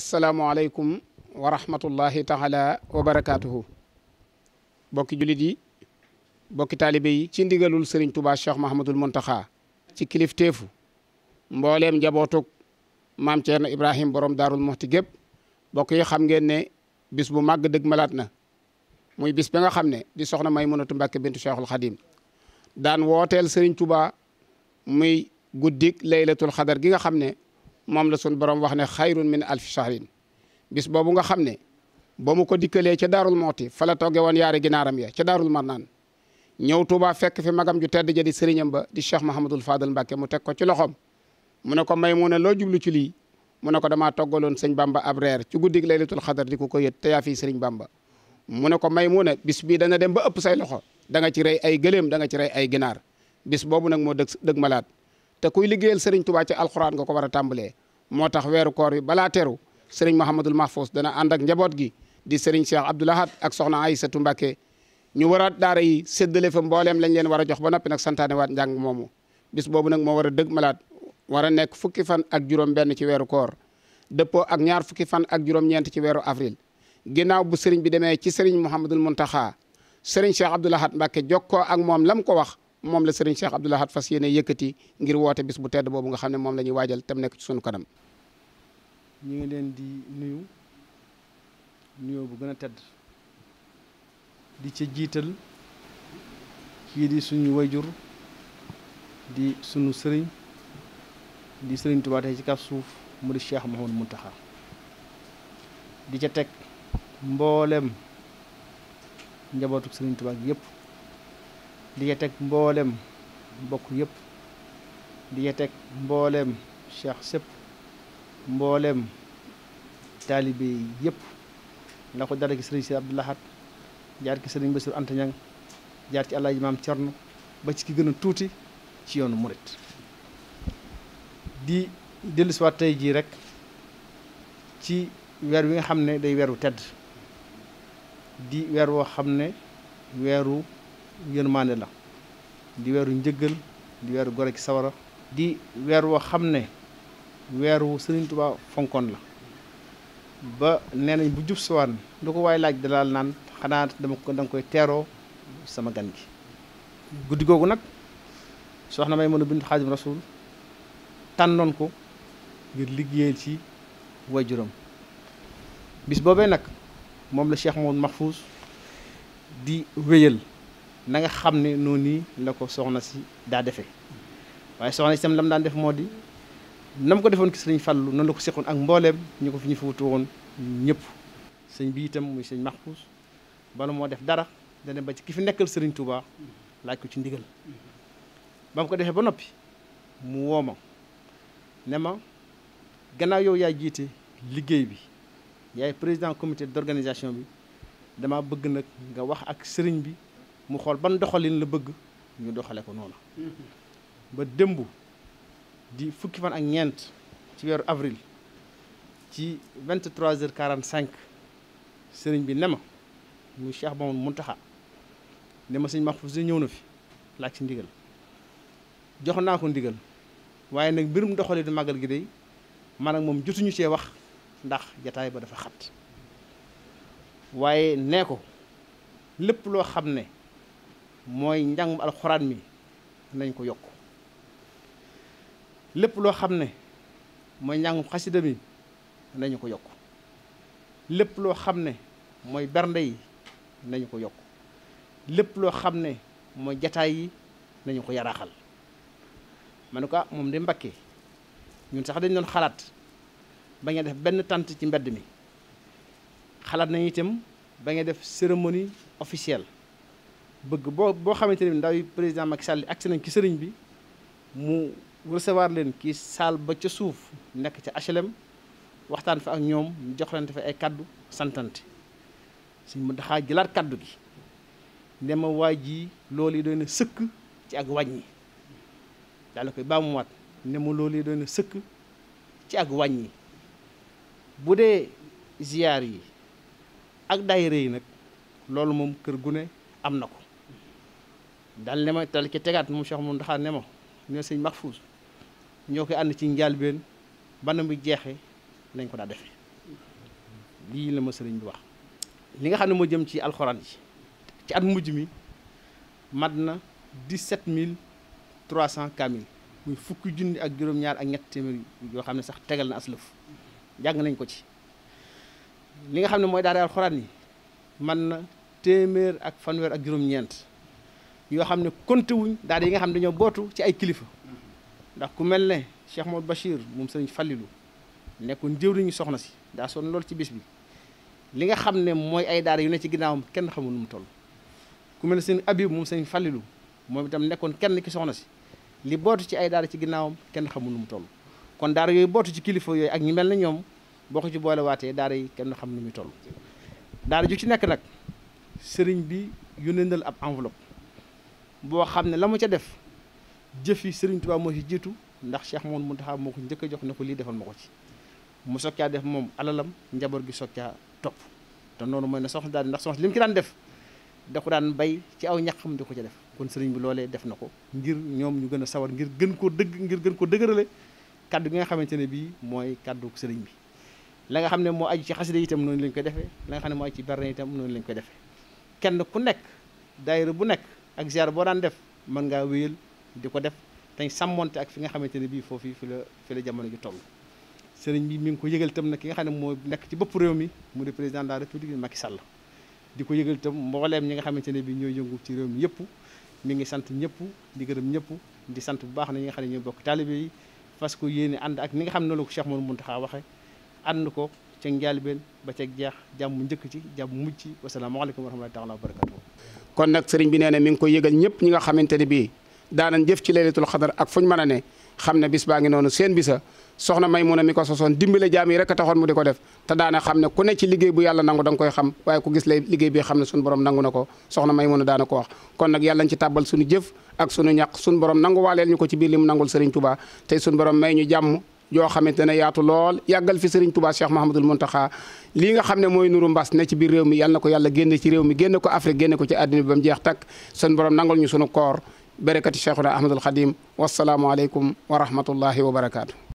asalaamualeykum wa rahmatullahi taala wa barakaatuhu bokki jullit yi bokki taalibe yi ci ndigalul sëriñ tubaa cheikh mahamadul muntaxa ci kilifteefu mbooleem njabootug maam na ibrahim borom daarul moxti gépp bokk yi xam ngeen ne bis bu màgg dëgg malaat na muy bis bi nga xam ne di soxna may mënatu mbàkke bintu cheikhul xadim daan wooteel sëriñ tubaa muy guddik laylatul xadar gi nga xam ne moom la sun borom wax ne xayrun min alfi shahrin bis boobu nga xam ne boo mu ko dikkalee ca daarul mooti fa la togge woon yaari ginaaram ya ca daarul naan ñëw Tuuba fekk fi magam ju tedd ja di sëriñam ba di Cheikh Mahamadul Fadal Mbàkke mu teg ko ci loxoom mu ne ko may mu ne loo jublu ci lii mu ne ko damaa toggaloon sëñ Bamba ab reer ci guddig laylatul xadar di ko ko yët te yaa fii sëriñ Bamba mu ne ko may mu ne bis bii dana dem ba ëpp say loxo da nga ci rey ay gëléem da ci rey ay ginaar bis boobu nag moo dëg dëg malaat te kuy liggéeyal sëriñ Tuuba ci alxuraan nga ko war a tàmbalee moo tax weeru koor yi balaa teru sëriñ Mouhamadul Mahfous dana ànd ak njaboot gi di sëriñ Cheikh Abdoul Ahad ak soxna Aïssatou Mbacké ñu war a daara yi séddale fa mbooleem lañ leen war a jox ba noppi nag santaane waat njàng moomu bis boobu nag moo war a dëgg malaat war a nekk fukki fan ak juróom benn ci weeru koor dëppoo ak ñaar fukki fan ak juróom-ñeent ci weeru avril ginnaaw bu sëriñ bi demee ci sëriñ Mouhamadul Mountakha sëriñ Cheikh Abdoul Ahad Mbacké jokkoo ak moom lam ko wax moom la Serigne Cheikh Abdoul Ahad fas yéene yëkkati ngir woote bis bu tedd boobu nga xam ne moom la ñuy waajal tam nekk ci sunu kanam. ñu ngi leen di nuyu nuyoo bu gën a tedd di ci jiital kii di suñu wayjur di sunu sëriñ di sëriñ Tuubaa tey ci kaf suuf mu di Cheikh mu Mountakha di ca teg mboolem njabootu sëriñ Tuubaa gi yëpp. di yeteeg mboolem mbokk yépp di yeteeg mboolem cheikh sëpp mboolem taalibe yëpp nda ko dara ki sëriñ si Abdou Lahad jaar ki sëriñ Bassirou Anta Niang jaar ci Alaaji Maam Cerno ba ci ki gën tuuti ci yoonu murit di dellusiwaat tey jii rek ci weer wi nga xam ne day weeru tedd di weer woo xam ne weeru yërmande la di weeru njëggal di weeru gore ci sawara di weer woo xam ne weer wu Sëriñ Tuubaa fonkoon la ba nee nañ bu jub siwaan lu ko waaye laaj dalaal naan xanaa dama ko danga koy teeroo sama gan gi guddi googu nag soxna may mën a bind xaadim rasul tànnoon ko ngir liggéeyal ci waajuram bis boobee nag moom la Cheikh Mouhamed Mahfouz di wéyal nanga xam ne noonu nii la ko soxna si daa defee waaye soxna si tam lam daan def moo di nam ko defoon ki sëriñ Fallu noonu la ko seqoon ak mbooleem ñu ko fi ñu fi wutu woon ñëpp sëñ bi itam muy sëñ Maxfuus bala moo def dara dana ba ci ki fi nekkal sëriñ Touba laaj ko ci ndigal ba mu ko defee ba noppi mu woo ma ne ma gannaaw yow yaay jiite liggéey bi yaay président comité d'organisation bi dama bëgg nag nga wax ak sëriñ bi mu xool ban doxalin la bëgg ñu doxale ko noonu ba démb di fukki fan ak ñeent ci weeru avril ci 23 heures 45 sëriñ bi ne ma mu Cheikh Mamadou taxa ne ma sëñ Mahfouz ñëw na fi laaj si ndigal jox naa ko ndigal waaye nag mbirum doxalinu màggal gi day man ak moom jotuñu cee wax ndax jataay ba dafa xat waaye nee ko lépp loo xam ne mooy njàngum alxuraan mi nañ ko yokk lépp loo xam ne mooy njàngum xasida mi nañu ko yokk lépp loo xam ne mooy bernde yi nañu ko yokk lépp loo xam ne mooy jataay yi nañu ko yaraaxal ma ne ko ah, moom de mbakke ñun sax dañ doon xalaat ba nga def benn tànt ci mbedd mi xalaat nañu itam ba nga def cérémonie officielle bëgg boo boo xamante ne ndaw yi président Macky Sall agsi nañ ci sëriñ bi mu recevoir leen kii saal ba ca suuf nekk ca HLM waxtaan fa ak ñoom ñu joxlante fa ay kaddu santante suñ mu daxaa jëlaat kaddu gi ne ma waa ji loolu yi doy sëkk ci ak wàññi daal koy ne ma loolu yi doy sëkk ci ak wàññi bu dee ziyaar yi ak daayira yi nag loolu moom kër gu ne am na ko dal ne ma dal ci tegaat moom Cheikh mu ndaxaar ne ma ne sëñ Mahfouz ñoo koy ànd ci njëlbéen bana mu jeexee nañ ko daa defee lii la ma sëriñ bi wax li nga xam ne moo jëm ci alxuraan yi ci at mujj mi mat na 17 300 kamil muy fukki junni ak juróom-ñaar ak ñett téeméer yoo xam ne sax tegal na aslëf jàng nañ ko ci li nga xam ne mooy daara alxuraan yi man na téeméer ak fanweer ak juróom-ñeent yoo xam ne konte wuñ daal yi nga xam ne dañoo bootu ci ay kilifa ndax ku mel ne Cheikh Modou Bachir moom sëriñ Fallilou nekkoon jëw ñu soxna si daa sonn lool ci bis bi li nga xam ne mooy ay daara yu ne ci ginnaawam kenn xamul nu mu toll ku mel ne sëriñ Abib moom sëriñ Fallilou moom itam nekkoon kenn ki soxna si li bootu ci ay daara ci ginnaawam kenn xamul mu toll kon daara yooyu bootu ci kilifa yooyu ak ñi mel ne ñoom boo ko ci boole waatee daara yi kenn xam nu muy toll daara ju ci nekk nag sëriñ bi yu yónnee ndal ab enveloppe boo xam ne la mu ca def jëfi Serigne Touba moo ci jiitu ndax Cheikh Mouhamadou Mountakha moo ko njëkk jox ne ko lii defal ma ko ci mu soog caa def moom alalam njaboot gi soog caa topp te noonu mooy ne soxna daal ndax soxna li mu ci daan def da ko daan bay ci aw mu di ko ca def kon sëriñ bi loolee def na ko ngir ñoom ñu gën a sawar ngir gën koo dëgg ngir gën koo dëgërale kaddu gi nga xamante ne bii mooy kaddu sëriñ bi la nga xam ne moo aju ci xasida itam lañ koy defee la xam ne moo aju ci berne itam noonu lañ koy defee kenn ku nekk daayira bu nekk ak ziar boo daan def man ngaa wéyal di ko def te sàmmonte ak fi nga xamante ne bii foofu fi la fi jamono ji toll. sëriñ bi mi ngi ko yëgal itam ne ki nga xam ne moo nekk ci bopp réew mi mu di président de la république Macky Sall di ko yëgal itam mbooleem ñi nga xamante ne bii ñooy yëngu ci réew mi yëpp mi ngi sant ñëpp di gërëm ñëpp di sant bu baax na ñi nga xam ne ñoo bokk taalibe yi parce que yéene ànd ak ni nga xam ne la ko Cheikh Mouhamadou Mountakha waxe ànd ko ca njaalbeen ba ca jeex jàmm njëkk ci jàmm mujj ci wasalaamaaleykum wa rahmatullahi taala wa kon nag sëriñ bi nee na mi ngi koy yëgal ñëpp ñi nga xamante ne bii daanañ jëf ci laylatul xadar ak fuñ mën a ne xam ne bis baa ngi noonu seen bisa soxna Maymuna mi ko sosoon dimbale jaam yi rek a taxoon mu di ko def te daana xam ne ku ne ci liggéey bu yàlla nangu da nga koy xam waaye ku gis lay liggéey bi xam ne suñu borom nangu na ko soxna Maymuna daana ko wax kon nag yàlla ci tàbbal suñu jëf ak suñu ñàq suñu borom nangu ñu ko ci biir yoo xamante ne yaatu lool yàggal fi Serigne Touba Cheikh Mahamadul Muntaxa li nga xam ne mooy nuru mbas ne ci biir réew mi yal na ko yàlla génne ci réew mi génne ko Afrique génne ko ci àddina bi ba mu jeex takk sun borom nangul ñu sunu koor barakati Cheikhuna Ahmadul Xadim wasalaamualeykum wa rahmatullahi wa barakaatu.